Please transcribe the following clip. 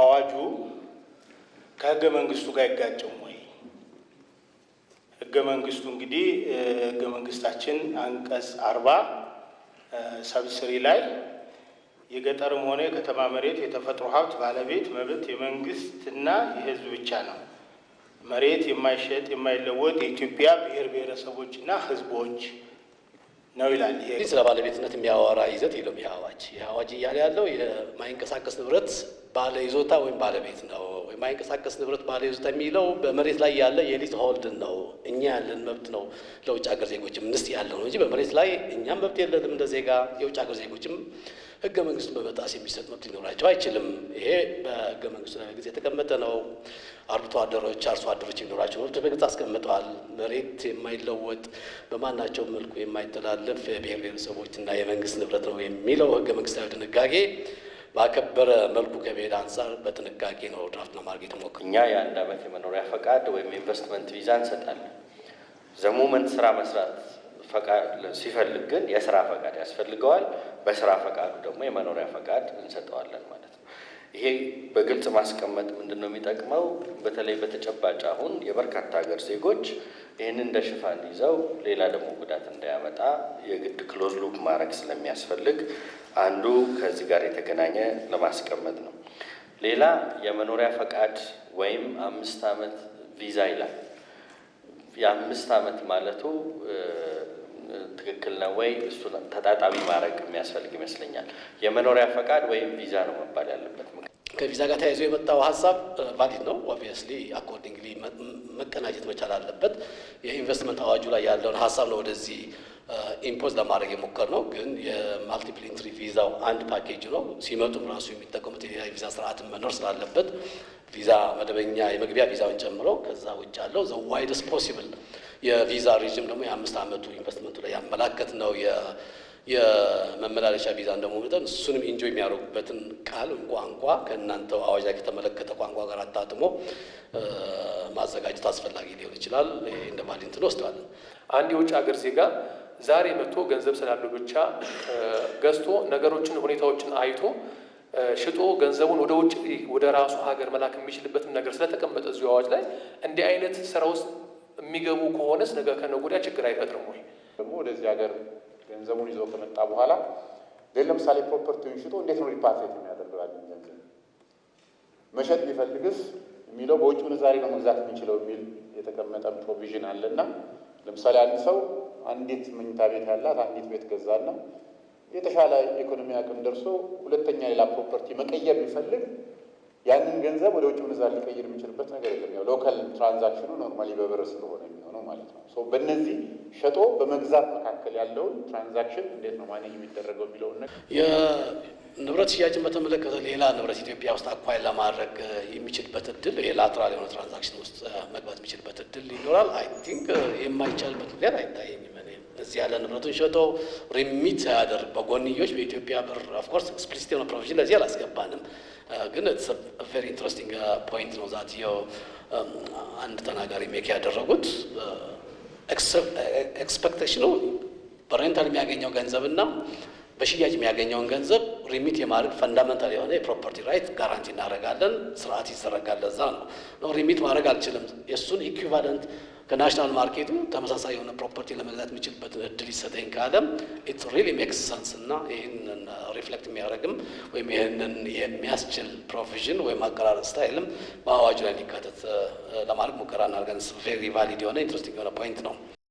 አዋጁ ከህገ መንግስቱ ጋር ይጋጨውም ወይ? ህገ መንግስቱ እንግዲህ ህገ መንግስታችን አንቀጽ አርባ ሰብስሪ ላይ የገጠርም ሆነ የከተማ መሬት የተፈጥሮ ሀብት ባለቤት መብት የመንግስትና የህዝብ ብቻ ነው። መሬት የማይሸጥ የማይለወጥ የኢትዮጵያ ብሔር ብሔረሰቦችና ህዝቦች ነው ይላል። ይሄ ስለ ባለቤትነት የሚያወራ ይዘት የለውም። ይህ አዋጅ ይህ አዋጅ እያለ ያለው የማይንቀሳቀስ ንብረት ባለ ይዞታ ወይም ባለቤት ነው። የማይንቀሳቀስ ንብረት ባለ ይዞታ የሚለው በመሬት ላይ ያለ የሊዝ ሆልድን ነው። እኛ ያለን መብት ነው ለውጭ ሀገር ዜጎችም እንስት ያለ ነው እንጂ በመሬት ላይ እኛም መብት የለንም እንደ ዜጋ፣ የውጭ ሀገር ዜጎችም ህገ መንግስቱን በመጣስ የሚሰጥ መብት ሊኖራቸው አይችልም። ይሄ በህገ መንግስቱ ላይ ጊዜ የተቀመጠ ነው። አርብቶ አደሮች፣ አርሶ አደሮች የሚኖራቸው መብት በግልጽ አስቀምጠዋል። መሬት የማይለወጥ በማናቸው መልኩ የማይተላለፍ የብሔር ብሔረሰቦችና የመንግስት ንብረት ነው የሚለው ህገ መንግስታዊ ድንጋጌ ባከበረ መልኩ ከብሔር አንጻር በጥንቃቄ ነው ድራፍት ለማድረግ የተሞከረው። እኛ የአንድ አመት የመኖሪያ ፈቃድ ወይም ኢንቨስትመንት ቪዛ እንሰጣለን። ዘሙመንት ስራ መስራት ሲፈልግ ግን የስራ ፈቃድ ያስፈልገዋል። በስራ ፈቃዱ ደግሞ የመኖሪያ ፈቃድ እንሰጠዋለን ማለት ነው። ይሄ በግልጽ ማስቀመጥ ምንድን ነው የሚጠቅመው? በተለይ በተጨባጭ አሁን የበርካታ ሀገር ዜጎች ይህንን እንደ ሽፋን ይዘው ሌላ ደግሞ ጉዳት እንዳያመጣ የግድ ክሎዝ ሉፕ ማድረግ ስለሚያስፈልግ አንዱ ከዚህ ጋር የተገናኘ ለማስቀመጥ ነው። ሌላ የመኖሪያ ፈቃድ ወይም አምስት ዓመት ቪዛ ይላል። የአምስት ዓመት ማለቱ ትክክል ነው ወይ እሱን ተጣጣሚ ማድረግ የሚያስፈልግ ይመስለኛል። የመኖሪያ ፈቃድ ወይም ቪዛ ነው መባል ያለበት። ከቪዛ ጋር ተያይዞ የመጣው ሀሳብ ቫሊድ ነው። ኦብቪየስሊ አኮርዲንግሊ መቀናጀት መቻል አለበት። የኢንቨስትመንት አዋጁ ላይ ያለውን ሀሳብ ነው ወደዚህ ኢምፖዝ ለማድረግ የሞከር ነው። ግን የማልቲፕል ኢንትሪ ቪዛው አንድ ፓኬጅ ነው። ሲመጡም ራሱ የሚጠቀሙት የቪዛ ስርዓትን መኖር ስላለበት ቪዛ መደበኛ የመግቢያ ቪዛውን ጨምሮ ከዛ ውጭ ያለው ዘ ዋይደስ ፖሲብል የቪዛ ሪጅም ደግሞ የአምስት ዓመቱ ኢንቨስትመንቱ ላይ ያመላከት ነው። የመመላለሻ ቪዛ እንደመሆኑ እሱንም ኢንጆይ የሚያደርጉበትን ቃል ቋንቋ ከእናንተው አዋጅ ላይ ከተመለከተ ቋንቋ ጋር አጣጥሞ ማዘጋጀት አስፈላጊ ሊሆን ይችላል። እንደ ማሊንትን ወስደዋለን። አንድ የውጭ ሀገር ዜጋ ዛሬ መጥቶ ገንዘብ ስላለው ብቻ ገዝቶ ነገሮችን፣ ሁኔታዎችን አይቶ ሽጦ ገንዘቡን ወደ ውጭ ወደ ራሱ ሀገር መላክ የሚችልበትን ነገር ስለተቀመጠ እዚሁ አዋጅ ላይ እንዲህ አይነት ስራ ውስጥ የሚገቡ ከሆነስ ነገ ከነገ ወዲያ ችግር አይፈጥርም ወይ ደግሞ ወደዚህ ሀገር ገንዘቡን ይዞ ከመጣ በኋላ ሌ ለምሳሌ ፕሮፐርቲውን ሽጦ እንዴት ነው ሪፓትሬት የሚያደርገው ያለን ገንዘብ መሸጥ ቢፈልግስ የሚለው በውጭ ምንዛሬ ነው መግዛት የሚችለው የሚል የተቀመጠ ፕሮቪዥን አለ እና ለምሳሌ አንድ ሰው አንዲት መኝታ ቤት ያላት አንዲት ቤት ገዛና የተሻለ ኢኮኖሚ አቅም ደርሶ ሁለተኛ ሌላ ፕሮፐርቲ መቀየር ቢፈልግ ያንን ገንዘብ ወደ ውጭ ምንዛር ሊቀይር የሚችልበት ነገር የለም። ያው ሎካል ትራንዛክሽኑ ኖርማሊ በብር ስለሆነ የሚሆነው ማለት ነው። ሶ በእነዚህ ሸጦ በመግዛት መካከል ያለውን ትራንዛክሽን እንዴት ነው ማኔጅ የሚደረገው የሚለውን ነገር የንብረት ሽያጭን በተመለከተ ሌላ ንብረት ኢትዮጵያ ውስጥ አኳይ ለማድረግ የሚችልበት እድል ላትራል የሆነ ትራንዛክሽን ውስጥ መግባት የሚችልበት እድል ይኖራል። አይ ቲንክ የማይቻልበት ምክንያት አይታየኝም። እዚህ ያለ ንብረቱን ሸጦ ሪሚት ያደርግ በጎንዮች በኢትዮጵያ ብር ኦፍኮርስ ኤክስፕሊሲት የሆነ ፕሮቪዥን ለዚህ አላስገባንም። Uh, ግን ቨሪ ኢንትረስቲንግ ፖይንት ነው ዛት um, አንድ ተናጋሪ ሜክ ያደረጉት ኤክስፐክቴሽኑ uh, በሬንታል የሚያገኘው ገንዘብና በሽያጭ የሚያገኘውን ገንዘብ ሪሚት የማድረግ ፈንዳመንታል የሆነ የፕሮፐርቲ ራይት ጋራንቲ እናደርጋለን። ስርዓት ይዘረጋል። ለዛ ነው ነው ሪሚት ማድረግ አልችልም። የእሱን ኢኩቫለንት ከናሽናል ማርኬቱ ተመሳሳይ የሆነ ፕሮፐርቲ ለመግዛት የሚችልበትን እድል ይሰጠኝ ካለም ኢትስ ሪሊ ሜክስ ሰንስ እና ይህንን ሪፍሌክት የሚያደርግም ወይም ይህንን የሚያስችል ፕሮቪዥን ወይም አቀራረጥ ስታይልም በአዋጅ ላይ እንዲካተት ለማድረግ ሙከራ እናደርገን። ቬሪ ቫሊድ የሆነ ኢንትረስቲንግ የሆነ ፖይንት ነው።